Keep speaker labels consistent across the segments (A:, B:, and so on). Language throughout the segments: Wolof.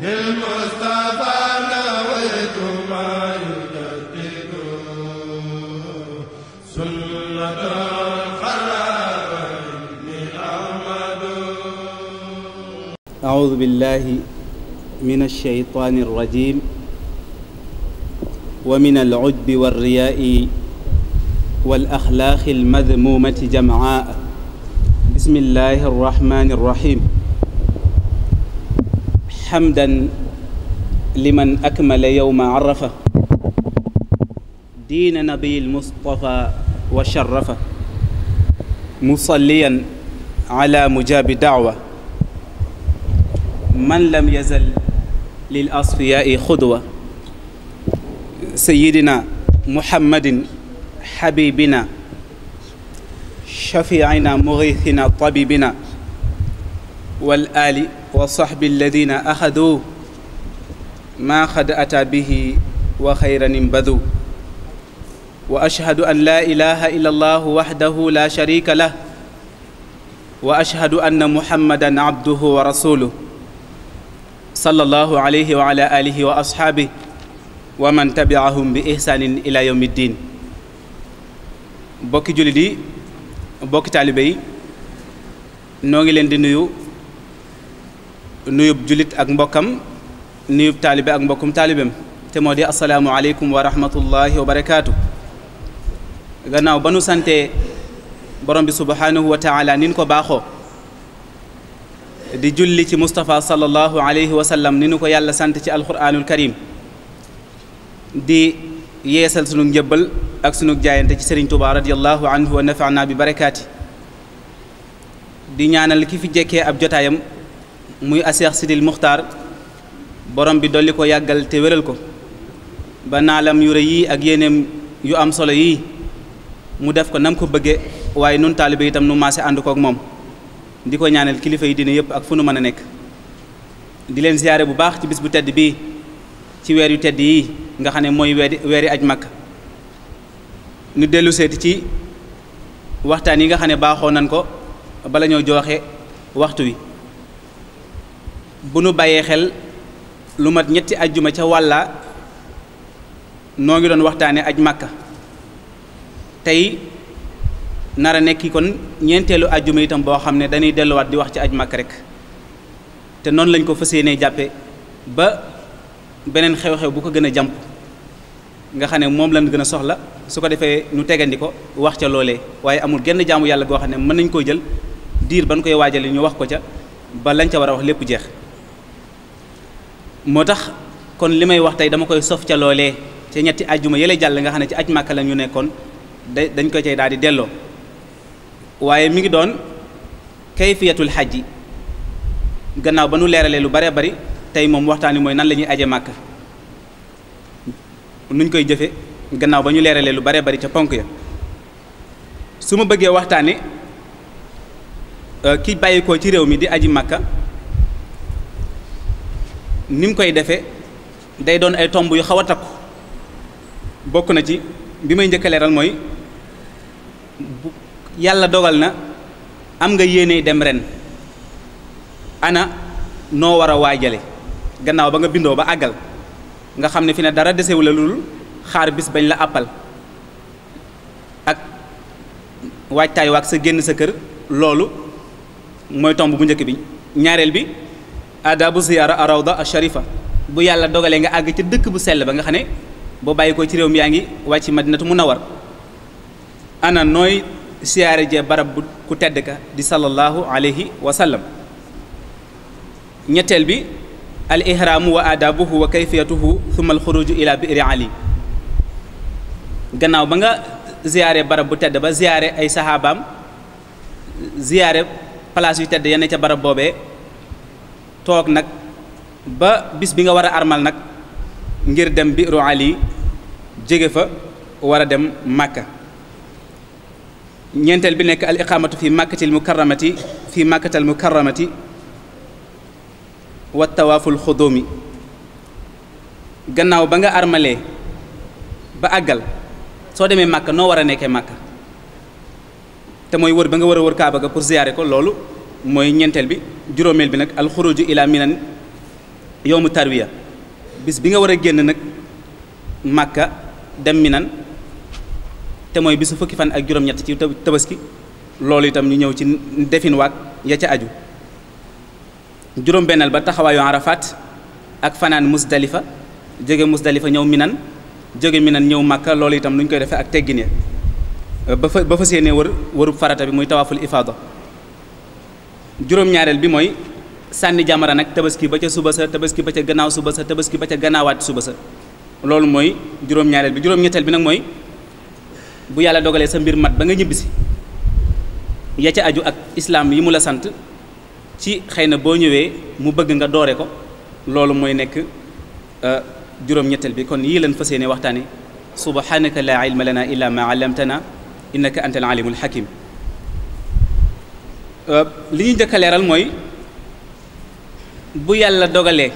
A: أعوذ بالله من الشيطان الرجيم ومن العجب والرياء والأخلاق المذمومة جمعاء بسم الله الرحمن الرحيم hamdan liman akmala yowma arafa diina nabiil mustafa wa sharafa musalliyan ala mujaabi daawa man lam yazal lil asfiyaai xudwa sayidina muhammadin xabibina shafiina muriithina tabibina wal aali wa saxbi alladina axadu maa xad ataa bihi wa xayran imbadu wa ashhadu an laa ilaha illa allahu waxdahu la sharika lah wa ashhadu anna muhammadan abduhu wa rasuluh sallallahu alayhi wa ala alihi wa asxaabih wa man tabiahum bi ihsaanin ila yawmi ddin bokki jullit yi bokki taalibe yi noo ngi leen di nuyu nuyub julit ak mbokkam nuyub taalibe mbokkum taalibem te moo di asalaamu aleykum wa rahmatullahi wa barakaatu gannaaw ba nu sante borom bi subhaanahu wa taala nin ko baaxoo di julli ci mustafa sallallahu alayhi wa sallam ni nu ko yàlla sant ci alquranul karim di yeesal sunu njëbbal ak sunu jaayante ci Serigne Touba radiyallahu anhu wa nafaana bi barakaati di ñaanal ki fi jekkee ab jotaayam muy Cheikh Sidil Muxtaar borom bi dolli ko yàggal te wéral ko ba naalam yu rëy yi ak yéeneem yu am solo yi mu def ko nam ko bëgge waaye nun taalibe itam nu maase ànd ak moom di ko ñaanal kilifa yi dina yëpp ak fu nu mën a nekk di leen ziyaare bu baax ci bis bu tedd bii ci weer yu tedd yi nga xam ne mooy weeri weeri aj Makka nu dellu seeti ci waxtaan yi nga xam ne baaxoo nan ko bala ñoo jooxe waxtu wi bu nu bàyyee xel lu mat ñetti ajjuma ca wàlla noo ngi doon waxtaane aj màkka tey nara nekki kon ñeenteelu ajjuma itam boo xam ne dañuy delluwaat di wax ci aj màkka rek te noonu lañ ko fas yéenee jàppe ba beneen xew-xew bu ko gën a jàmp nga xam ne moom lañ gën a soxla su ko defee ñu tegandi ko wax ca loole waaye amul genn jaamu yàlla goo xam ne mën nañ koo jël diir ba ñu koy waajalee ñu wax ko ca ba lañ ca war a wax lépp jeex moo tax kon li may wax tey dama koy sof ca loolee ca ñetti ajjuma yële jàll nga xam ne ci aj màkka la ñu nekkoon da dañ ko cay daal di delloo waaye mi ngi doon kayfiyatul xajji gannaaw ba nu leeralee lu bare bari tey moom waxtaan wi mooy nan la ñuy aje màkka nuñ koy jëfe gannaaw ba ñu leeralee lu bare bari ca ponk ya su ma bëggee waxtaane euh, ki bàyyikoo ci réew mi di aji màkka ni koy defee day doon ay tomb yu xaw a takku bokk na ci bi may njëkk a leeral mooy yàlla dogal na am nga yéene dem ren ana noo war a waajale gannaaw ba nga bindoo ba àggal nga xam ne fi ne dara desewu la lul xaar bis bañ la àppal ak waajtaay waak sa génn sa kër loolu mooy tomb bu njëkk bi ñaareel bi aadabu ziyaara arawda asharifa bu yàlla dogalee nga àgg ca dëkk bu sell ba nga xam ne boo bàyyi ko ci réew mi yaa ngi wàcc madinatu munawar ana nooy siyaare jee barab bu ku tedd ka di sallallahu alayhi wa sallam ñetteel bi al ihraamu wa aadabuhu wa kayfiyatuhu thumma al xuruju ila biiri ali gannaaw ba nga ziyaare barab bu tedd ba ziyaare ay saxaabaam ziyaare place yu tedd yenn ca barab boobee toog nag ba bis bi nga war a armal nag ngir dem biiru ali jege fa war a dem màkka ñeenteel bi nekk al iqaamatu fi màkkatil mukarramati fi màkkatal mukarramati wa tawaaful xudóomi gannaaw ba nga armalee ba àggal soo demee màkka noo war a nekkee màkka te mooy wër ba nga war a wër kaaba ga pour ziyaare ko loolu mooy ñeenteel bi juróomeel bi nag alxuruju ila minan yowmu tarwiya bis bi nga war a génn nag màkka dem minan te mooy bisu fukki fan ak juróom-ñett ci tabaski loolu itam ñu ñëw ci defin waag ya ca aju juróom-benneel ba taxawaayu Arafat ak fanaan Musdalifa jóge Musdalifa ñëw Minan jóge Minan ñëw Màkka loolu itam lu ñu koy defee ak teggin ya ba fa ba fa séenee wër wërub farata bi muy tawaaful ifaada juróom-ñaareel bi mooy sànni jamara nag tabaski ba ca suba sa tabaski ba ca gannaaw suba sa tabaski ba ca gannaawaat suba sa loolu mooy juróom-ñaareel bi juróom-ñetteel bi nag mooy bu yàlla dogalee sa mbir mat ba nga ñibbisi ya ca aju ak islaam yi mu la sant ci xëy na boo ñëwee mu bëgg nga doore ko loolu mooy nekk euh, juróom-ñetteel bi kon yii leen fas yéene waxtaane subhanaka la ilma lana illa ma allamtana innaka anta al alimul hakim Euh, li ñuy njëkk mooy bu yàlla dogalee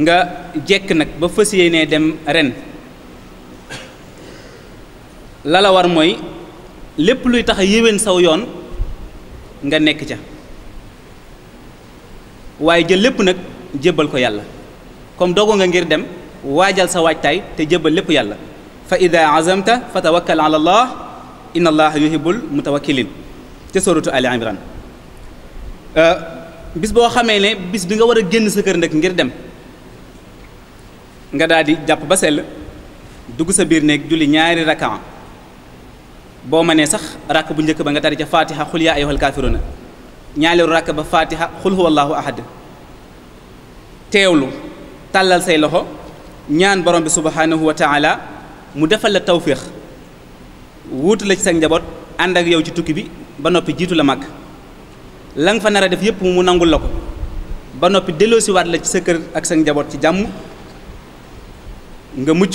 A: nga jekk nag ba fas nee dem ren lala war mooy lépp luy tax yéwén saw yoon nga nekk ca waaye jël lépp nag jëbal ko yàlla comme dogu nga ngir dem waajal sa waajtaay te jëbal lépp yàlla fa ida azamta fa tawakkal ala allah inna allaha yuhibbul mutawakkilin ca sorotu Ali Imran euh, bis boo xamee ne bis bi nga war a génn sa kër nag ngir dem nga daal jàpp ba sell dugg sa biir néeg julli ñaari rakka boo ma nee sax rakk bu njëkk ba nga tari ca fatiha xul yaa ayyuhal kaafiruuna ñaaleelu rakk ba fatiha xul huwallaahu ahad teewlu tàllal say loxo ñaan borom bi subhaanahu wa taala mu defal la tawféex wuutu la ci sa njaboot ànd ak yow ci tukki bi ba noppi jiitu la màgg la nga fa nar a def yëpp mu nangul la ko ba noppi delloosiwaat la ci sa kër ak sa njaboot ci jàmm nga mucc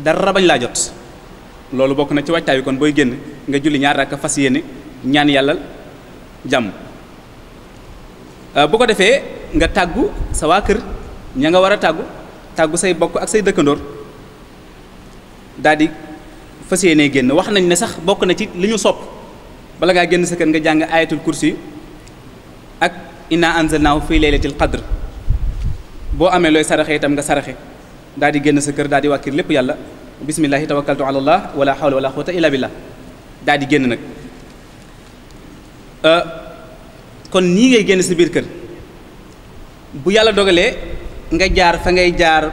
A: dara rabañ laa jot loolu bokk na ci waajtaay bi kon booy génn nga julli ñaar rakk fas yéene ñaan yàlla jàmm euh, bu ko defee nga tàggu sa waa kër ña nga war a tàggu tàggu say bokk ak say dëkkandoor daal fas yéene génn wax nañ ne sax bokk na ci li ñu sopp bala ngaa génn sa kër nga jàng ayatul kursi ak inna anzalnaahu fii laylatil qadr boo amee looy saraxe itam nga saraxe daal di génn sa kër daal di wàkkir lépp yàlla bismillahi tawakkaltu ala allah wala hawla wala quwwata illa la daal di génn nag euh, kon nii ngay génn sa biir kër bu yàlla dogalee nga jaar fa ngay jaar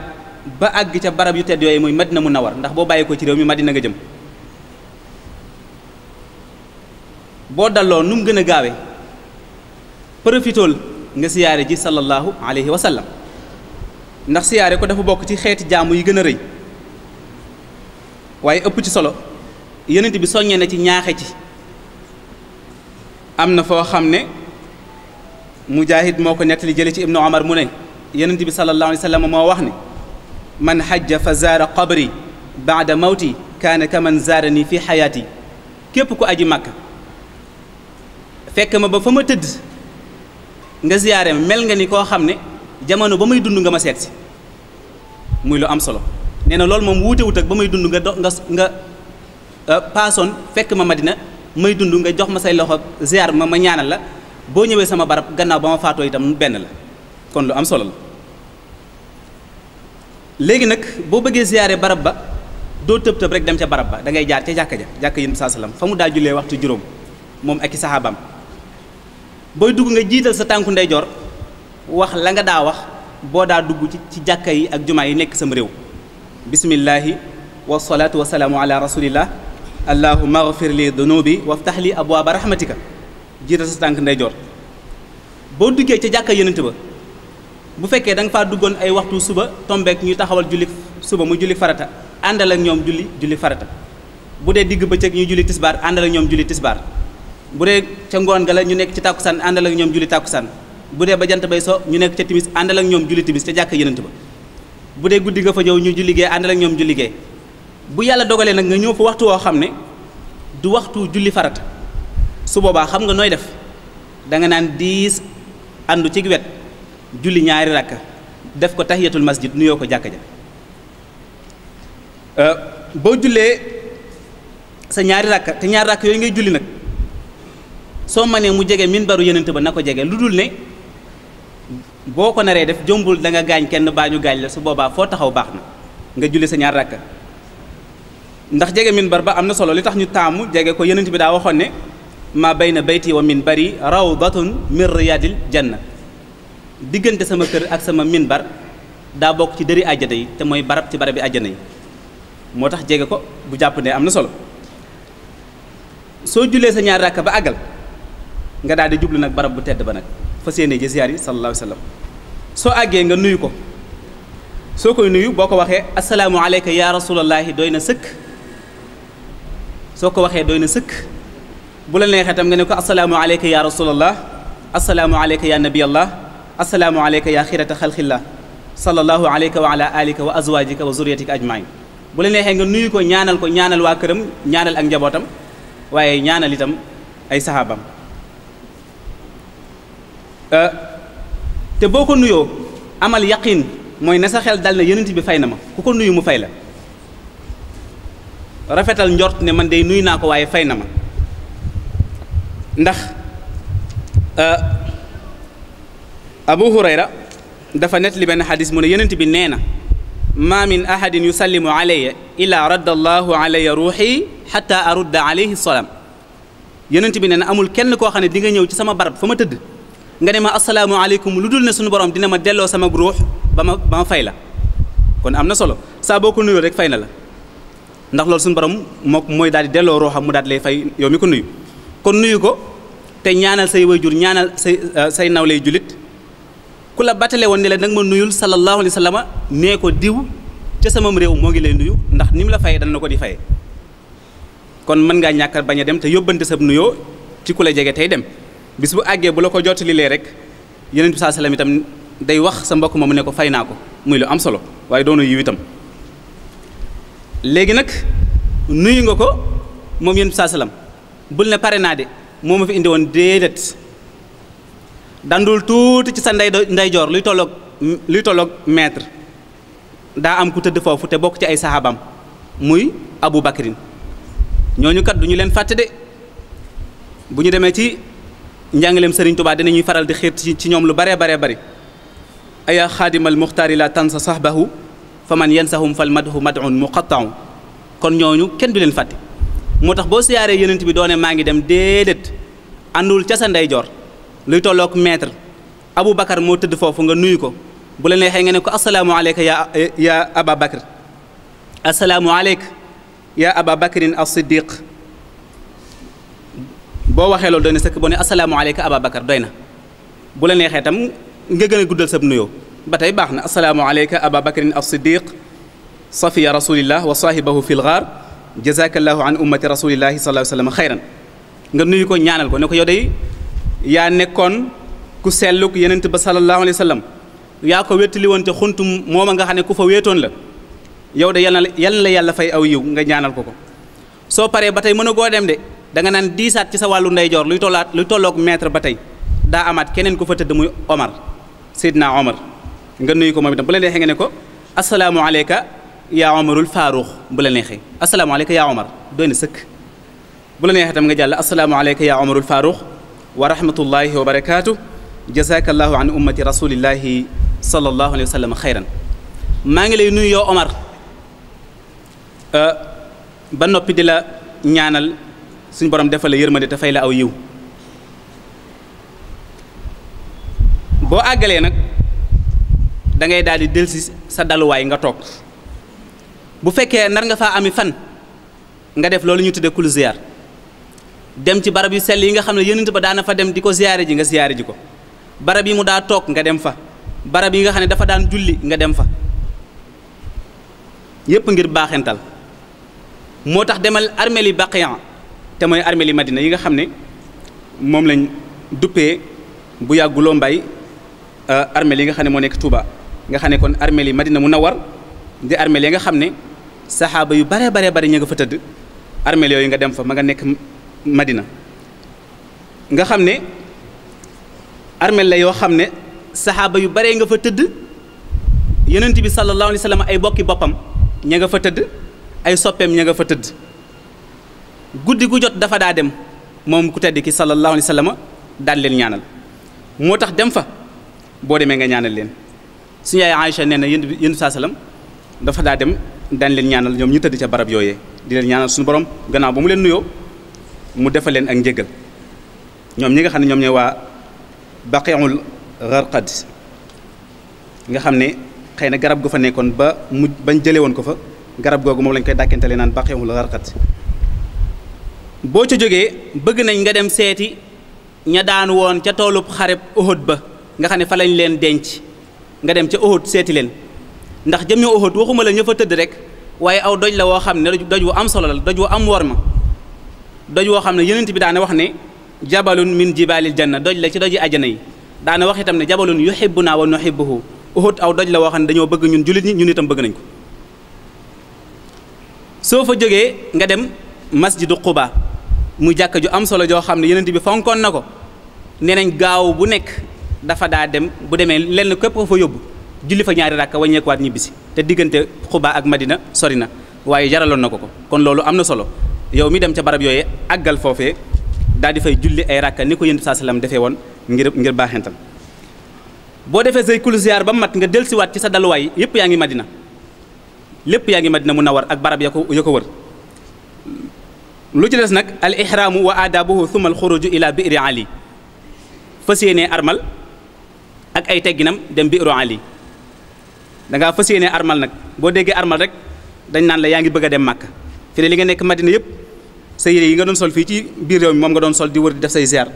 A: ba àgg ca barab yu tedd yooyu muy madina munawar ndax boo bàyyi ko ci réew mi madina nga jëm boo dalloo nu mu gën a gaawee profitool nga siyaare ji sallallahu alayhi wa ndax siyaare ko dafa bokk ci xeeti jaamu yi gën a rëy waaye ëpp ci solo yonent bi soññee na ci ñaaxe ci am na foo xam ne mujaahid moo ko nettali jële ci ibnu omar mu ne yonent bi sallallahu alayhi wa sallam moo wax ne man xajja fa zaara qabri baada mawti kaana kaman zaarani fi xayaati képp ku aji màkka fekk ma ba fa ma tëdd nga ziyaare ma mel nga ni koo xam ne jamono ba may dund nga ma seet si muy lu am solo nee na loolu moom wuute wut ak ba may dund nga do nga nga euh, paasoon fekk ma ma dina may dund nga jox ma say loxo ziyaar ma ma ñaana la boo ñëwee sama barab gannaaw ba ma faatoo itam benn la kon lu am solo la léegi nag boo bëggee ziyaare barab ba doo tëb tëb rek dem ca barab ba da ngay jaar ca jàkka ja jàkka yi saa salaam fa mu daa jullee waxtu juróom moom ak i booy dugg nga jiital sa tànku ndeyjoor wax la nga daa wax boo daa dugg ci ci jàkka yi ak jumaa yi nekk sama réew bismillaahi wasalaatu wasalaamu ala rasulillah allahuma agfir li dunubi waftax li abwaaba rahmatika jiital sa tànk ndeyjoor boo duggee ca jàkka yonent ba bu fekkee da nga faa duggoon ay waxtu suba tombeek ñu taxawal julli suba mu julli farata àndal ak ñoom julli julli farata bu dee digg bëccëg ñuy julli tisbaar àndal ak ñoom julli tisbaar bu dee ca ngoon ga la ñu nekk ci tàkkusaan àndal ak ñoom julli tàkkusaan bu dee ba jant bay so ñu nekk ca timis àndal ak ñoom julli timis ca jàkk yenant ba bu dee guddi nga fa ñëw ñu julligee àndal ak ñoom julligee bu yàlla dogalee nag nga ñëw fa waxtu woo xam ne du waxtu julli farat su boobaa xam nga nooy def danga naan diis àndu ci wet julli ñaari rakka def ko tahiyatul masjid nuyoo ko jàkk ja euh, boo jullee sa ñaari rakka te ñaari rakka yooyu ngay julli nag soo ma nee mu jege minbaru yonent ba na ko jege lu dul ne boo ko naree def jombul danga nga gaañ kenn baa ñu gaañ la su boobaa foo taxaw baax na nga julli sa ñaar rakka ndax jege minbar ba am na solo li tax ñu taamu jege ko yonent bi daa waxoon ne maa bayna bayti wa minbari rawdatun min riyadil janna diggante sama kër ak sama minbar daa bokk ci dëri àjjana yi te mooy barab ci barabi àjjana yi moo tax jege ko bu jàpp ne am na solo soo jullee sa ñaar ba àggal nga daal di jublu nag barab bu tedd ba nag fas yéene ji ziyaar yi sallallahu alayhi soo àggee nga nuyu ko soo koy nuyu boo ko waxee asalaamu aleyka yaa rasulallahi doy na sëkk soo ko waxee doy na sëkk bu la neexee ne ko asalaamu aleyka yaa rasulallah asalaamu aleyka yaa nabiyallah asalaamu aleyka yaa xirata xalqillah sallallahu aleyka wa ala alika wa azwajika wa zuriyatika ajmain bu la neexee nga nuyu ko ñaanal ko ñaanal waa këram ñaanal ak njabootam waaye ñaanal itam ay sahaabam Euh, te boo ko nuyoo amal yaqin mooy ne sa xel dal na yonent bi fay na ma ku ko nuyu mu fay la rafetal njort ne man dey nuyu naa ko waaye fay na ma ndax euh, abu hurayra dafa net benn xadis mu ne yonent bi nee na ma min ahadin yusallimu alayya ila radda allahu alayya ruuxi xata arudda alayhi salaam bi nee na amul kenn koo xam ne di nga ñëw ci sama barab fa ma tëdd nga ne ma asalaamaaleykum lu dul ne suñu borom dina ma delloo sama ruux ba ma ba ma fay la kon am na solo saa boo ko nuyoo rek fay na la ndax loolu suñu borom moo mooy daal di delloo ruuxam mu daal di lay fay yow mi ko nuyu kon nuyu ko te ñaanal say jur ñaanal say euh, say lay jullit ku la battale woon ne la nag ma nuyul sallallahu alayhi wa sallam nee ko diw ca samam réew moo ngi lay nuyu ndax ni mu la fayee dana ko di fayee kon mën ngaa ñàkk bañ a dem te yóbbante sa nuyoo ci ku la jege tey dem bis bu àggee bu la ko jottalilee rek yeneen bi saa salaam itam day wax sa mbokk mu ne ko fay naa ko muy lu am solo waaye doonu yiw itam léegi nag nuyu nga ko moom yeneen bi saa salaam bul ne pare naa de moo ma fi indi woon déedéet dandul tuuti ci sa nday ndeyjoor luy tolloog luy tolloog maître daa am ku tëdd foofu te bokk ci ay saxaabam muy Abu Bakrin ñooñu kat du ñu leen fàtte de bu ñu demee ci njàngaleem Serigne Touba dinañuy faral di xiir ci ñoom lu bare baree bari ayaa xaadimal muxtaari la tansa sahbahu fa man yansahum fal madhu madun muqattaun kon ñooñu kenn du leen fàtte moo tax boo siyaaree yonent bi doone maa ngi dem déedéet àndul ca sa ndeyjoor luy tollook maître Abu Bakar moo tëdd foofu nga nuyu ko bu la neexee nga ne ko asalaamu aleyka ya yaa Aba Bakr asalaamu aleyka yaa as-Siddiq boo waxee loolu doy na sëkk boo ne asalaamaaleykum Ababacar doy na bu la neexee tam nga gën a guddal sab nuyoo ba tey baax na asalaamaaleykum Ababakarin as-Siddiq safiya rasulillah wa saahibahu fil ghaar jazakallahu an ummati rasulillahi sallallahu alayhi wa sallam xayran nga nuyu ko ñaanal ko ne ko yow day yaa nekkoon ku selluk yenent ba sallallahu alayhi wa sallam yaa ko wéttali woon te xuntum a nga xam ne ku fa wéetoon la yow de yal na la yàlla fay aw yiw nga ñaanal ko ko soo da nga naan diisaat ci sa wàllu ndeyjoor luy tollaat luy tolloog maître ba tey daa amaat keneen ko fa tëdd muy Omar Seydina Omar nga nuyu ko moom itam bu la neexee nga ne ko asalaamualeyka yaa Omarul Faaruux bu la neexee asalaamualeyka ya Omar doy na sëkk bu la neexee tam nga jàll asalaamualeyka yaa Omarul Faaruux wa rahmatullahi wa barakaatu jazakallahu an ummati rasulillahi sallallahu alayhi wa sallam xayran maa ngi lay nuyu Omar ba noppi di la ñaanal. suñ borom defal la yërmande te fay la aw yiw boo àggalee nag dangay daal di dëlsi sa daluwaay nga toog bu fekkee nar nga faa ami fan nga def loolu ñu tuddee kul ziar dem ci barab yi sell yi nga xam ne yonent ba daana fa dem di ko siyaare ji nga ziare ji ko barab yi mu daa toog nga dem fa barab yi nga xam ne dafa daan julli nga dem fa yépp ngir baaxental moo tax demal armeel yi baqiyan te mooy yi Madina yi nga xam ne moom lañ duppee bu yàgguloo mbay euh, armeel yi nga xam ne moo nekk Touba nga xam ne kon arméel yi Madina a war di arméel yi nga xam ne saxaaba yu bare bare bare ña nga fa tëdd arméel yooyu nga dem fa ma nga nekk Madina nga xam ne arméel la yoo xam ne saxaaba yu bare nga fa tëdd yonent bi sallallahu alayhi wa sallam ay bokki boppam ña nga fa tëdd ay soppeem ña nga fa tëdd guddi gu jot dafa daa dem moom ku tedd ki sallallahu alayhi wa sallam daan leen ñaanal moo tax dem fa boo demee nga ñaanal leen suñu yaay Aïcha nee na yéen saa salaam dafa daa dem daan leen ñaanal ñoom ñu tëdd ca barab yooyee di leen ñaanal suñu borom gannaaw ba mu leen nuyoo mu defal leen ak njëgal ñoom ñi nga xam ne ñoom ñooy waa baqiul gharqad nga xam ne xëy na garab gu fa nekkoon ba mu bañ jëlee woon ko fa garab googu moom lañ koy dàkkentale naan baqiul gharqad boo ca jógee bëgg nañ nga dem seeti ña daan woon ca toolub xareb Uhud ba nga xam ne fa lañ leen denc nga dem ca Uhud seeti leen ndax jëm ñu Uhud waxuma la ña fa tëdd rek waaye aw doj la woo xam ne doj wu am solo la doj wu am worma doj woo xam ne yeneent bi daana wax ne jabalun min jan na doj la ci doji ajana yi daane wax itam ne jabalun yuhibbuna wa nuhibbuhu Uhud aw doj la woo xam ne dañoo bëgg ñun jullit ñi ñun itam bëgg nañ ko soo fa jógee nga dem masjidu Quba mu jàkka ju am solo joo xam ne yenent bi fonkoon na ko nee nañ gaaw bu nekk dafa daa dem bu demee lenn képp ko fa yóbbu julli fa ñaari ràkka waññeekuwaat ñibbisi te diggante xubaa ak madina sori na waaye jaraloon na ko ko kon loolu am na solo yow mi dem ca barab yooyee àggal foofe daal di fay julli ay ràkka ni ko yenent saa sallam defee woon ngir ngir baaxental boo defee say kulu ziar ba mat nga dellusiwaat ci sa daluwaay yëpp yaa ngi madina lépp yaa ngi madina a war ak barab ya ko ya ko wër lu ci des nag al ihraamu wa aadaabuhu thumma al xuruju ila biiri ali fas yéenee armal ak ay tegginam dem biiru ali da ngaa fas yéenee armal nag boo déggee armal rek dañ naan la yaa ngi bëgg dem màkk fi ne li nga nekk madina yëpp sa yére yi nga doon sol fii ci biir réew mi moom nga doon sol di wër di def say ziar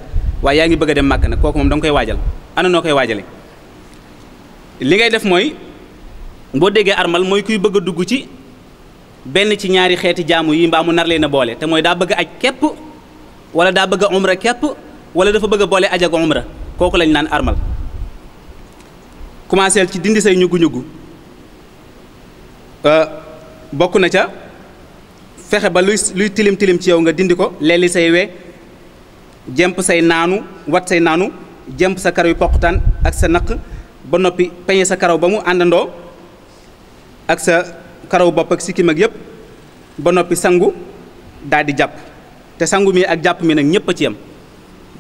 A: waaye yaa ngi bëgg a dem màkk nag kooku moom danga koy waajal ana noo koy waajale li ngay def mooy boo déggee armal mooy kuy bëgg a dugg ci benn ci ñaari xeeti jaamu yi mbaa mu nar leen a boole te mooy daa bëgg aj képp wala daa bëgg a umra képp wala dafa bëgg boole aj ak umra kooku lañ naan armal commencé ci dindi say ñugu-ñugu euh, bokk na ca fexe ba luy tilim tilim ci yow nga dindi ko leeli say we jemp say naanu wat say naanu jemp sa karaw yu poqutaan ak sa naq ba noppi peñe sa karaw ba mu àndandoo ak sa karaw bopp ak sikkim ak yëpp ba noppi sangu daal di jàpp te sangu mi ak jàpp mi nag ñëpp a ci yem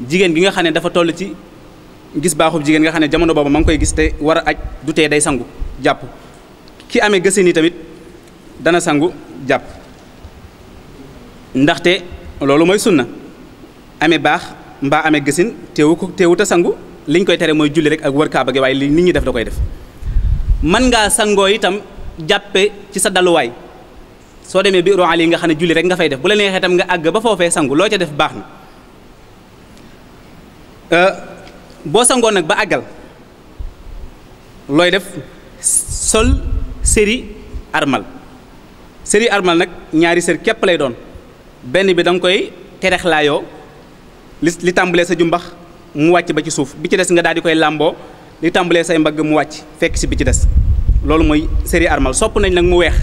A: jigéen gi nga xam ne dafa toll ci gis baaxub jigéen nga xam ne jamono boobu ma ngi koy gis te war a aj du tee day sangu jàpp ki amee gësin ni tamit dana sangu jàpp ndaxte loolu mooy sunna amee baax mbaa amee gësin teewu ko teewut sangu liñ koy tere mooy julli rek ak wër kaaba gi waaye li nit ñi def da koy def mën ngaa sangoo itam jàppe ci sa daluwaay soo demee biiru ali nga xam ne julli rek nga fay def bu la neexee tam nga àgg ba foofee sangu loo ca def baax na euh, boo sangoon nag ba àggal looy def sol séri armal séri armal nag ñaari séri képp lay doon benn bi danga koy terexlaayoo li li tàmbalee sa jumbax mu wàcc ba ci suuf bi ci des nga daal di koy làmboo li tàmbalee say mbagg mu wàcc fekk si bi ci des loolu mooy série armal sopp nañ nag mu weex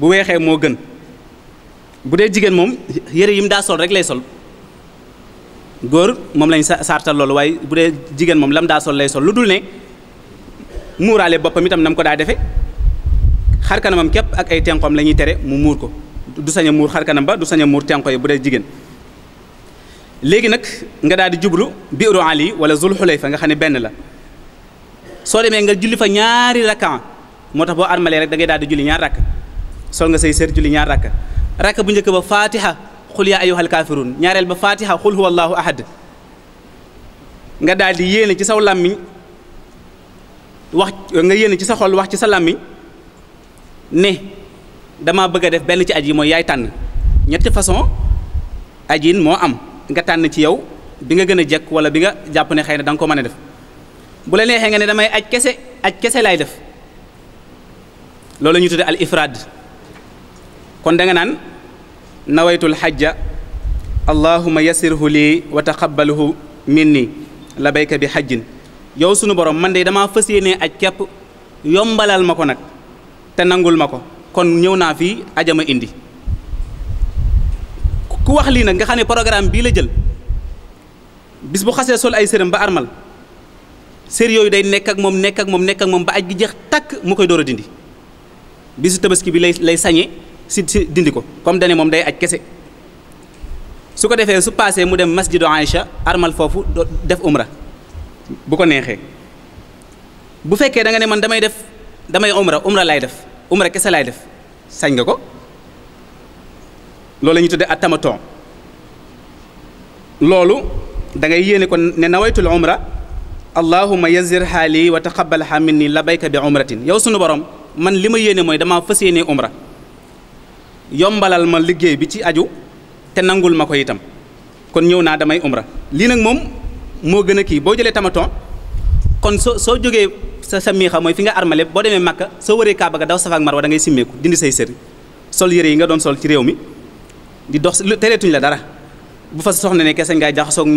A: bu weexee moo gën bu dee jigéen moom yére yi daa sol rek lay sol góor moom lañ sa sartal loolu waaye bu dee jigéen moom lam daa sol lay sol lu dul ne muuraale boppam itam na ko daa defe xar kanamam képp ak ay tenqoom la ñuy tere mu muur ko du saña muur xarkanam ba du sañ muur tenqo yi bu dee jigéen léegi nag nga daal di jublu biiru ali wala zul fa nga xam ne benn la soo demee nga julli fa ñaari rakka moo tax boo armalee rek dangay ngay daal di julli ñaar rakk sol nga say sër ñaar rakk rakk bu njëkk ba fatiha xul yaa ayyuhal kaafiruun ñaareel ba fatiha xul huwa allahu ahad nga daal di yéene ci saw làmmiñ wax nga yéene ci sa xol wax ci sa làmmiñ ne dama bëgg def benn ci aj yi mooy yaay tànn ñetti façon ajiin moo am nga tànn ci yow bi nga gën a jekk wala bi nga jàpp ne xëy na danga ko mën a def bu la neexee nga ne damay aj kese aj kese laay def loolu ñu tudde al ifraad kon danga naan nawaytul xajja allahuma yasirhu lii wa taqabbalhu la labayka bi xajjin yow sunu borom man de damaa fas yéenee aj kepp yombalal ma ko nag te nangul ma ko kon ñëw naa fii ajama indi ku wax lii nag nga xam ne programme bii la jël bis bu xasee sol ay sërëm ba armal sér yooyu day nekk ak moom nekk ak moom nekk moom ba aj gi jeex takk mu koy door a bi bisu tabaski bi lay lay sañee si dindi ko comme dane moom day aj kese su ko defee su paasee mu dem masjidu Aïcha armal foofu def umra bu ko neexee bu fekkee danga ne man damay def damay umra umra lay def umra kese lay def sañ nga ko loolu la ñuy tuddee atamaton loolu dangay yéene ko ne nawaytul umra allahuma yazir xaali wa taqabalha min ni labayka bi umratin yow sunu borom man li ma yéene mooy damaa fas yéene umra yombalal ma liggéey bi ci aju te nangul ma ko itam kon ñëw naa damay umra lii nag moom moo gën a kii boo jëlee tamaton kon soo soo jógee sa sa miixa mooy fi nga armale boo demee Makka soo wëree Kaaba ga daw Safa ak Marwa da ngay simmeeku dindi say sër sol yére yi nga doon sol ci réew mi di dox tereetuñ la dara bu fa soxna ne kese ngay jaxasoog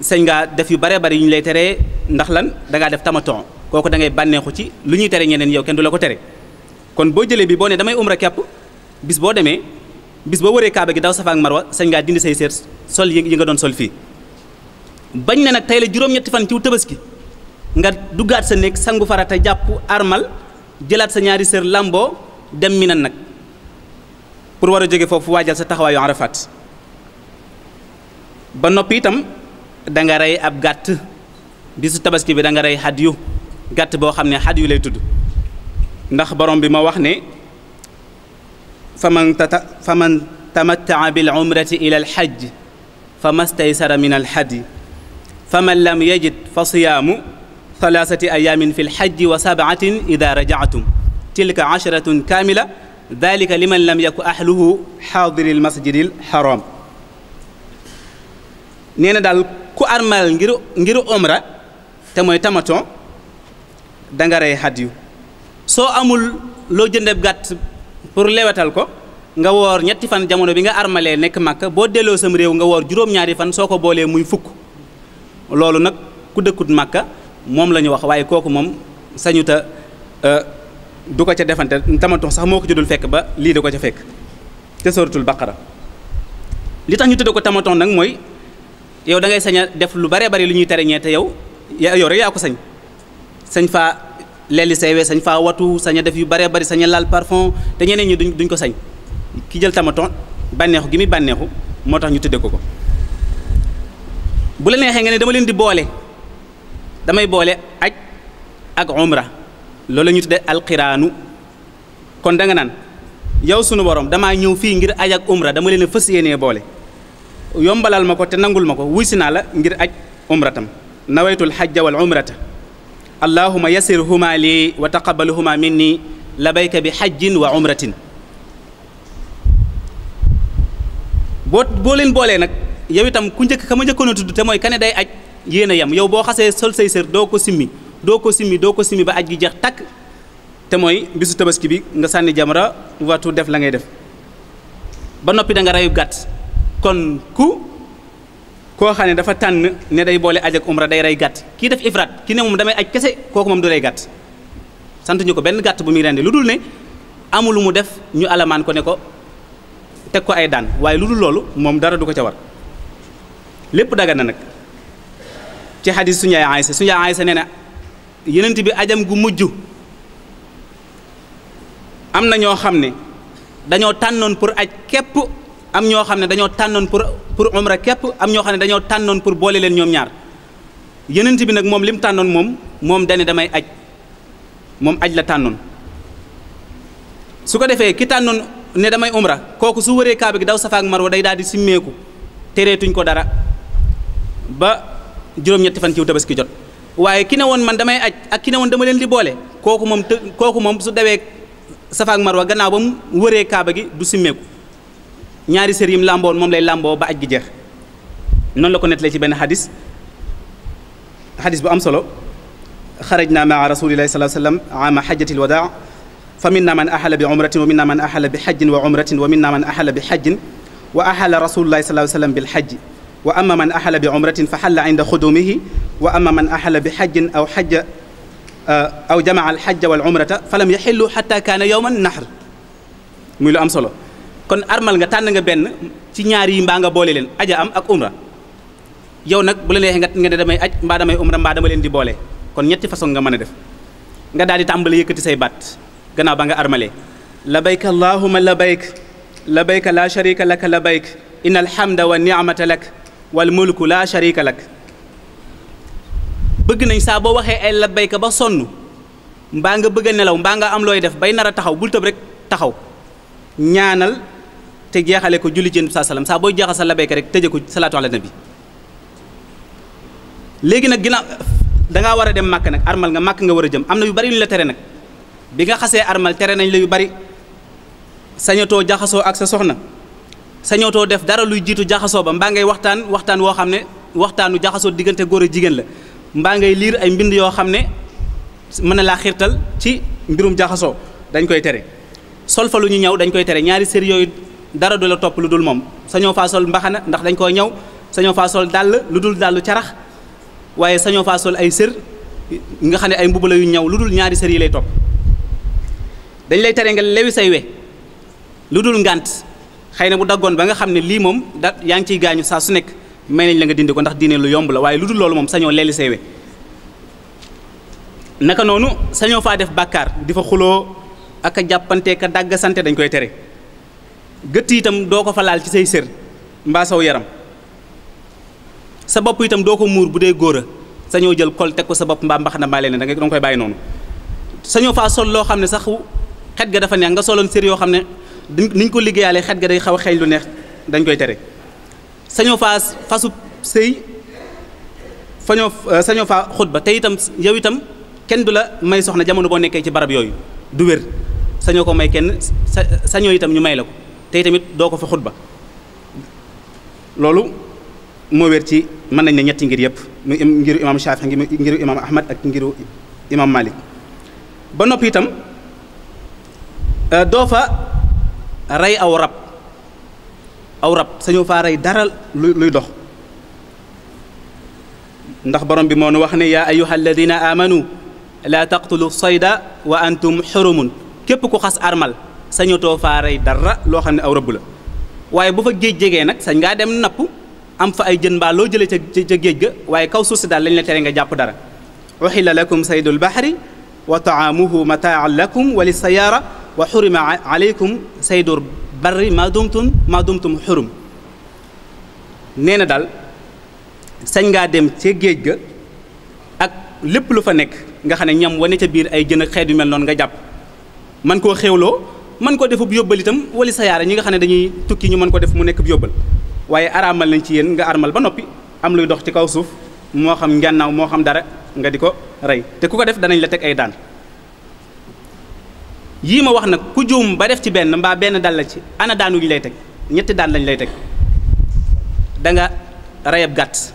A: sañ ngaa def yu bare bari yu ñu lay teree ndax lan da ngaa def tamaton kooku da ngay bànneexu ci lu ñuy tere ñeneen yow kenn du la ko tere kon boo jëlee bi boo ne damay umra kepp bis boo demee bis boo wëree kaaba gi daw safa ak marwa sañ ngaa dindi say seer sol yi nga doon sol fii bañ ne nag tey la juróom-ñetti fan ciw tabaski nga duggaat sa néeg sangu farata jàpp armal jëlaat sa ñaari sër lamboo dem mi nan nag pour war a jóge foofu waajal sa taxawaayu arafat ba noppi itam da nga rey ab gàtt bisu tabaski bi da nga rey xad yu gàtt boo xam ne xad yu lay tudd ndax borom bi ma wax ne faman tata faman tamattaa bil umrati ila al xajj fa mastaysara min al xadyi fa man lam yajid fa siyaamu thalaasati ayaamin fi lxajji wa sabaatin ida rajaatum tilka asharatun kaamila dalika liman lam yaku ahluhu xaadiri lmasjidi lxaram nee na daal ku armal ngir ngir omra te mooy tamaton da nga rey xadiyu soo amul loo jënd gàtt pour lewetal ko nga woor ñetti fan jamono bi nga armalee nekk màkka boo delloo sam réew nga woor juróom-ñaari fan soo ko boolee muy fukk loolu nag ku dëkkut màkka moom la ñu wax waaye kooku moom sañuta euh, du ko ca defante tamaton sax moo ko ci fekk ba lii da ko ca fekk te sooratul baqara li tax ñu tudde ko tamaton nag mooy yow da ngay sañ def lu baree bari lu ñuy tere ñeete te yow yow rek yaa ko sañ sañ faa lelli say sañ faa watu sañ def yu baree bari sañ a laal parfum te ñeneen ñi duñ duñ ko sañ ki jël tamaton bànneexu gi mi bànneexu moo tax ñu tuddee ko ko bu la neexee nga ne dama leen di boole damay boole aj ak umra loolu la ñu tuddee alqiraanu kon da naan yow sunu borom damaa ñëw fii ngir aj ak umra dama leen a fës yéenee boole yombalal ma ko te nangul ma ko wuy naa la ngir aj umratam nawaytul xajja wal umrata allahuma yasir huma lii wa taqabal huma minni labayka bi xajjin wa umratin boo boo leen boolee nag yow itam ku njëkk kam ma njëkkoon a tudd te mooy kane day aj yéen a yem yow boo xasee sol say sër doo ko simmi doo ko simmi doo ko simmi ba aj gi jeex takk te mooy bisu tabaski bi nga sànni jamra watu def la ngay def ba noppi danga nga gàtt kon ku koo xam ne dafa tànn ne day boole aj ak umra day rey gàtt kii def ifraat ki ne moom damay aj kese kooku moom du rey gàtt sant ñu ko benn gàtt bu muy rendi lu dul ne amul mu def ñu alamaan ko ne ko teg ko ay daan waaye lu dul loolu moom dara du ko ca war lépp daga na nag ci xadis suñu yaay Aysa suñu yaay Aysa nee na yenent bi ajam gu mujj am na ñoo xam ne dañoo tànnoon pour aj képp am ñoo xam ne dañoo tànnoon pour pour umra képp am ñoo xam ne dañoo tànnoon pour boole leen ñoom ñaar yenent bi nag moom li mu tànnoon moom moom dane damay aj moom aj la tànnoon su ko defee ki tànnoon ne damay umra kooku su wëree kaaba gi daw safa ak marwa day daal di simmeeku tereetuñ ko dara ba juróom-ñetti fan ciw tabaski jot waaye ki ne woon man damay aj ak ki ne woon dama leen di boole kooku moom të kooku moom su dawee safa ak marwa gannaaw ba mu wëree kaaba gi du simmeeku ñaari sër yim làmboon moom lay làmboo ba aj gi jeex noonu la ko nettalee ci benn xadis xadis bu am solo xaraj naa maa rasulillahi salaa sallam ama xajatil wadaa fa minna man axala bi umratin wa minna man axala bi xajjin wa umratin wa minna man axala bi xajjin wa axala rasulullahi salaa sallam bil xajji wa amma man axala bi umratin fa xalla inda xudumihi wa amma man axala bi xajjin aw xajja aw jamaa al xajja wal umrata fa lam yaxillu xata kaana yowman naxr muy lu am solo kon armal nga tànn nga benn ci ñaari yi mbaa nga boole leen aja am ak umra yow nag bu la neexee nga nga ne damay aj mbaa damay umra mbaa dama leen di boole kon ñetti façon nga mën a def nga daal di tàmbali yëkkati say baat gannaaw ba nga armalee labayka allahuma labayk labayka laa sharika laka labayk inna alhamda wa niamata lak wal mulku laa sharika lak bëgg nañ saa boo waxee ay labayka ba sonn mbaa nga bëgg a nelaw mbaa nga am looy def bay nar a taxaw bul taxaw ñaanal te jeexale ko julli ci yonent bi saa salaam saa booy jeexal sa labayka rek tëje ko salaatu ala nabi léegi nag ginnaaw danga war a dem màkk nag armal nga màkk nga war a jëm am na yu bari yu ñu la tere nag bi nga xasee armal tere nañ la yu bari sañatoo jaxasoo ak sa soxna sañatoo def dara luy jiitu jaxasoo ba mbaa ngay waxtaan waxtaan woo xam ne waxtaanu jaxasoo diggante góor a jigéen la mbaa ngay liir ay mbind yoo xam ne mën na laa xiirtal ci mbirum jaxasoo dañ koy tere sol ñu ñëw dañ koy tere ñaari sér yooyu dara du la topp lu dul moom sañoo faa sol mbaxana ndax dañ koo ñëw sañoo faa sol dàll lu dul dàllu carax waaye sañoo faa sol ay sër nga xam ne ay mbubb la yu ñëw lu dul ñaari sër yi lay topp dañ lay tere nga lewi say we lu dul ngànt xëy na bu daggoon ba nga xam ne lii moom da yaa ngi ciy gaañu saa su nekk may nañ la nga dindi ko ndax diine lu yomb la waaye lu dul loolu moom sañoo leeli say we naka noonu sañoo faa def bàkkaar di fa xuloo ak a dañ koy tere gëtt itam doo ko fa laal ci say sër mbaa saw yaram sa bopp itam doo ko muur bu dee góor a sañoo jël kol teg ko sa bopp mbaa mbaxana na mbaa leneen da nga koy bàyyi noonu sañoo faa sol loo xam ne sax xet ga dafa neex nga soloon sér yoo xam ne niñ ko liggéeyaale xet ga day xaw a xeeñ lu neex dañ koy tere sañoo faa fasu sëy fañoo euh, sañoo faa xutba te itam yow itam kenn du la may soxna jamono boo nekkee ci barab yooyu du wér sañoo ko may kenn sa sañoo itam ñu may la ko tey tamit doo ko fa xutba loolu moo wér ci mën nañ ne ñetti ngir yëpp ngiru imaam Shaafi ngiru imaam Ahmad ak ngiru imaam Malik ba noppi itam euh, doo fa rey aw rab aw rab rey dara luy dox ndax borom bi moo nu wax ne yaa ayyuha alladina amanu laa taqtulu sayda wa antum xurumun képp ku xas armal sañatoo faa rey dara loo xam ne aw rëbb la waaye bu fa géej jegee nag sañ ngaa dem napp am fa ay jën mbaa loo jëlee ca ca géej ga waaye kaw suuf si daal lañ la tere nga jàpp dara uxilla lakum saydul bahri wa taamuhu mataan lakum wa lisayaara wa xurima aleykum saydul barri maa dumtum maa dumtum xurum nee na daal sañ ngaa dem ca géej ga ak lépp lu fa nekk nga xam ne ñam wane ca biir ay jën ak xeet yu mel noon nga jàpp man koo xéwloo mën ko defub yóbbal itam wali sayaara ñi nga xam ne dañuy tukki ñu mën ko def mu nekk yóbbal waaye araamal nañ ci yéen nga armal ba noppi am luy dox ci kaw suuf moo xam ngannaaw moo xam dara nga di ko rey te ku ko def danañ la teg ay daan yii ma wax nag ku juum ba def ci benn mbaa benn dàll la ci ana daanu gi lay teg ñetti daan lañu lay teg danga nga reyab gàtt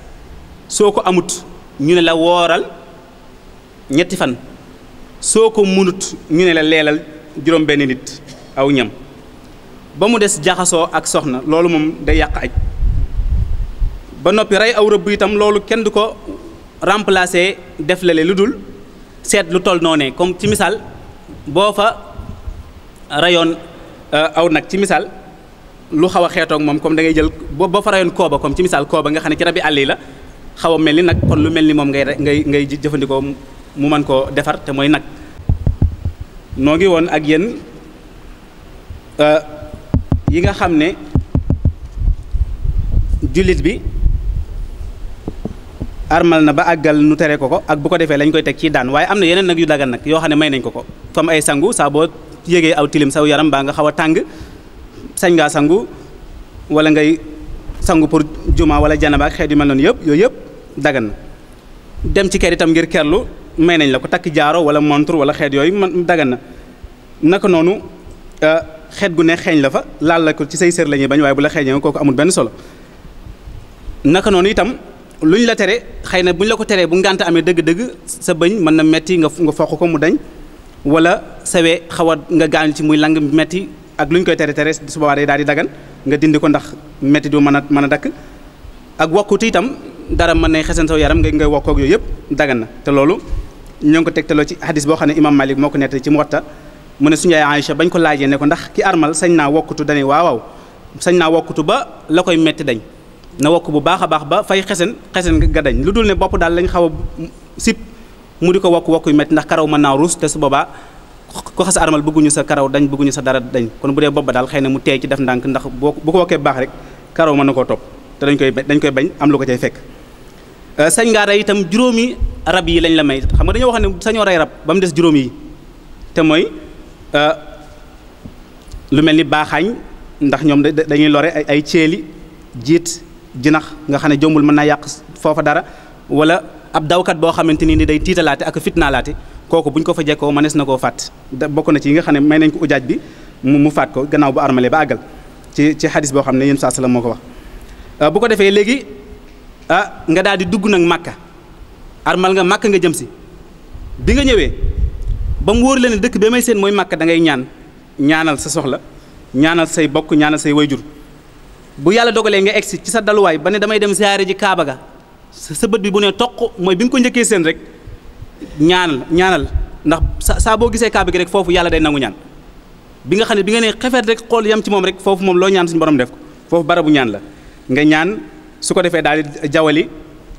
A: soo ko amut ñu ne la wooral ñetti fan soo ko munut ñu ne la leelal juróom benn nit aw ñam ba mu des jaxasoo ak soxna loolu moom day yàq aj ba noppi rey aw rëbb itam loolu kenn du ko remplacer def lale lu dul seet lu toll noonee comme ci misaal boo fa rayoon euh, aw nag ci misaal lu xaw a xeetoog moom comme da jël boo fa rayoon kooba comme ci misaal kooba nga xam ne ci rabi àll yi la xaw a mel ni nag kon lu mel ni moom ngay ngay ngay jëfandikoo mu mën koo defar te mooy nag noo ngi woon ak yéen Euh, yi nga xam ne jullit bi armal na ba àggal nu tere ko ko ak bu ko defee lañ koy teg ci daan waaye am na yeneen nag yu dagan nag yoo xam ne may nañ ko ko comme ay sangu saa boo yégee aw tilim saw yaram baa nga xaw a tàng sañ ngaa sangu wala ngay sangu pour juma wala janaba ak xeet yu mel noonu yëpp yooyu yëpp dagan na dem ci kër itam ngir kerlu may nañ la ko takk jaaro wala montre wala xeet yooyu man dagan na naka noonu euh, xeet gu ne xeeñ la fa laal la ko ci say sër la ñuy bañ waaye bu la xeeñee kooku amul benn solo naka noonu itam lu ñu la tere xëy na buñ la ko teree bu ngante amee dëgg-dëgg sa bëñ mën na metti nga nga foq ko mu dañ wala sawee xaw a nga gaañu ci muy lang metti ak luñ koy tere tere su boobaa day daal di dagan nga dindi ko ndax metti du mën a mën a dakk ak wokkut itam dara mën nay xesen saw yaram nga ngay wokkook yooyu yëpp dagan na te loolu ñoo ngi ko tegtaloo ci hadis boo xam ne imam Malik moo ko nettali ci Muwatta mu ne suñu yaay Aïcha bañ ko laajee ne ko ndax ki armal sañ naa wokkutu dane waaw waaw sañ naa wokkutu ba la koy metti dañ na wokk bu baax a baax ba fay xesen xesen ga dañ lu dul ne bopp daal lañ xaw a mu di ko wokk wokk yu metti ndax karaw mën naa ruus te su boobaa ko xas armal bëgguñu sa karaw dañ bëgguñu sa dara dañ kon bu dee bopp ba daal xëy na mu teey ci def ndànk ndax bu ko wokkee baax rek karaw mën na koo topp te dañ koy dañ koy bañ am lu ko cay fekk euh, sañ ngaa rey itam juróomi rab yi lañ la may xam nga dañoo wax ne sañoo rey rab ba mu des juróom yi te mooy Euh, lu mel ni baaxaañ ndax ñoom da dañuy lore ay ay ceeli jiit jinax nga xam ne jombul mën naa yàq foofa dara wala ab dawkat boo xamante ni ni day tiitalaate ak fitnaalaate kooku bu ñu ko fa jekkoo mënees na koo fàtt bokk na ci yi nga xam ne may nañ ko ujaaj bi mu faat ko gannaaw bu armale ba àggal ci ci boo xam ne yéen saa la moo ko wax euh, bu ko defee léegi ah nga daal di dugg nag màkka armal nga màkka nga jëm si bi nga ñëwee ba mu wóor la dëkk bi may seen mooy màkk da ñaan ñaanal sa soxla ñaanal say bokk ñaanal say way jur bu yàlla dogalee nga egsi ci sa daluwaay ba ne damay dem siyaare ji kaaba ga sa bët bi bu ne toq mooy bi nga ko njëkkee seen rek ñaanal ñaanal ndax sa saa boo gisee kaaba gi rek foofu yàlla day nangu ñaan bi nga xam ne bi nga nee xefeet rek xool yam ci moom rek foofu moom loo ñaan suñ borom def ko foofu barabu ñaan la nga ñaan su ko defee daal di jawali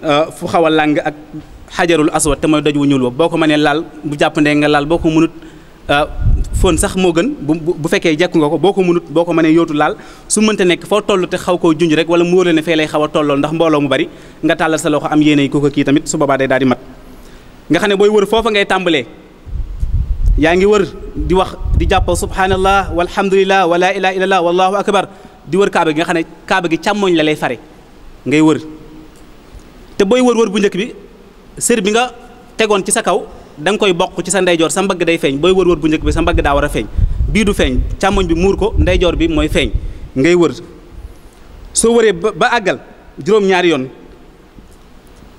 A: euh, fu xaw a làng ak xajarul aswad te mooy doj wu ñuul wa boo ko mënee laal bu jàppandee nga laal boo ko mënut euh, fóon sax moo gën bu bu fekkee jekku nga ko boo ko mënut boo ko mënee yootu laal su mënta nekk foo toll te xaw koo junj rek wala mu wóor ne fee lay xaw a tollool ndax mbooloo mu bari nga tàllal sa loxo am yéene yi ko ko kii tamit su boobaa day daal mat nga xam ne booy wër foofa ngay tàmbalee yaa ngi wër di wax di jàpp subhanallah walhamdulillah wa laa ilaaha illallah wallahu akbar di wër kaaba gi nga xam ne kaaba gi càmmooñ la lay fare ngay wër te booy wër bu njëkk bi sër bi nga tegoon ci sa kaw danga koy bokk ci sa ndeyjoor sa mbagg day feeñ booy wër wër bu njëkk bi sa mbagg daa war a feeñ bii du feeñ càmmoñ bi muur ko ndeyjoor bi mooy feeñ ngay wër soo wëree ba àggal juróom-ñaari yoon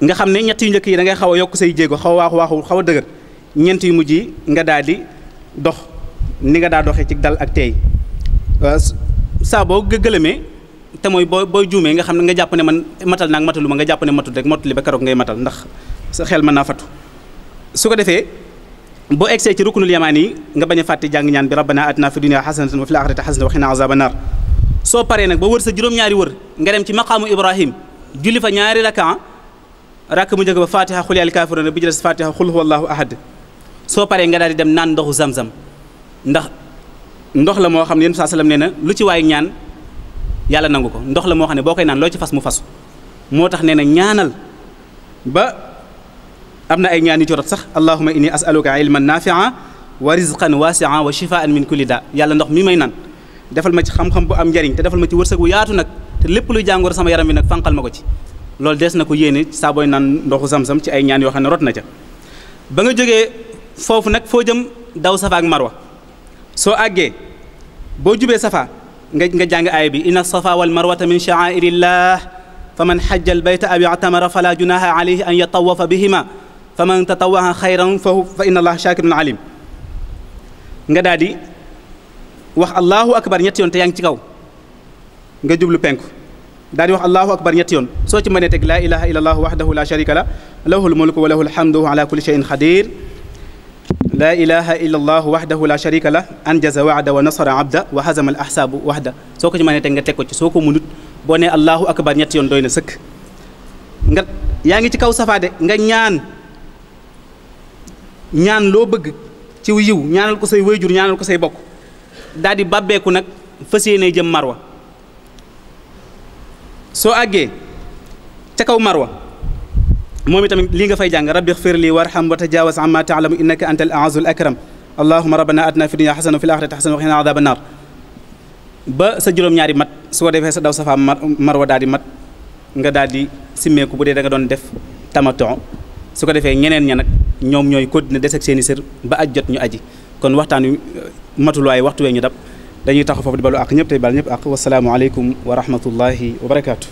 A: nga xam ne ñett yu njëkk yi da ngay xaw yokk say jéego xaw a waaxu waaxu xaw a dëgër ñeent yu mujj yi nga daal di dox ni nga daa doxee ci dal ak teey euh, saa boo gëlëmee te mooy boo booy juumee nga xam ne nga jàpp ne man matal naag matalu ma nga jàpp ne matul rek matul li ba keroog matal ndax sa xel mën naa fatu su ko defee boo egsee ci rukunul yamaan yi nga bañ a fàtte jàng ñaan bi rabbana atina fi dunya xasanatan wa fil axirati xasanatan wa qina azaban naar soo paree nag ba wër sa juróom-ñaari wër nga dem ci maqaamu ibrahim julli fa ñaari rakan rakk mu njëkk ba fatiha xul yal kaafiruuna bi jëles fatiha xul huwallahu ahad soo paree nga daal dem naan ndoxu zam-zam ndax ndox la moo xam ne yéen saa salaam nee na lu ci waay ñaan yàlla nangu ko ndox la moo xam ne boo koy naan loo ci fas mu fasu moo tax nee ñaanal ba am na ay ñaan yu ci rot sax allahuma inni asaluka ilman naafia wa rizqan waasia wa shifaan min kulli daa yàlla ndox mi may nan defal ma ci xam-xam bu am njariñ te defal ma ci wërsëg wu yaatu nag te lépp luy jàngoro sama yaram bi nag fanqal ma ko ci loolu des na ko yéene saa booy naan ndoxu sam-sam ci ay ñaan yoo xam ne rot na ca ba nga jógee foofu nag foo jam daw safa ak marwa soo àggee boo jubee safa nga nga jàng aaya bi inna safa wal marwata min sha'airillah a hajja al bayta aw fa man tatawaa xayran fahu fa inna allah shakirun alim nga daal di wax allahu akbar ñetti te yaa ngi ci kaw nga jublu penku daadi wax allahu akbar ñetti yoon soo ci mënee teg laa ilaha illa allahu waxdahu la sharika la lahul mulku wa lahul hamdu ala kulli shay'in xadir laa ilaha illa allahu waxdahu la sharika la anjaza waada wa nasara abda wa hazama al ahsaabu waxda soo ko ci mënee teg nga teg ko ci soo ko munut boo nee allahu akbar ñetti yoon doy na sëkk nga yaa ngi ci kaw safaade nga ñaan ñaan loo bëgg ci yiw ñaanal ko say wayjur ñaanal ko say bokk daal di bàbbeeku nag fas yéene jëm marwa soo àggee ca kaw marwa moom itamit lii nga fay jàng rabbi xfir lii warxam wa tajawas amma taalamu innaka anta al aazul akram allahuma rabbana atina fi dunya xasana fi laxirati xasana waxina adaba naar ba sa juróom-ñaari mat su ko defee sa daw safa marwa daal di mat nga daal simmeeku bu dee danga doon def tamaton su ko defee ñeneen ña nag ñoom ñooy continuer des ak seen i sër ba aj jot ñu aji kon waxtaan wi euh, matuluwaay waxtu wee ñu dab dañuy taxaw foofu di balu ak ñëpp tey bal ñëpp ak wasalaamualeykum wa rahmatullahi wa barakaatu.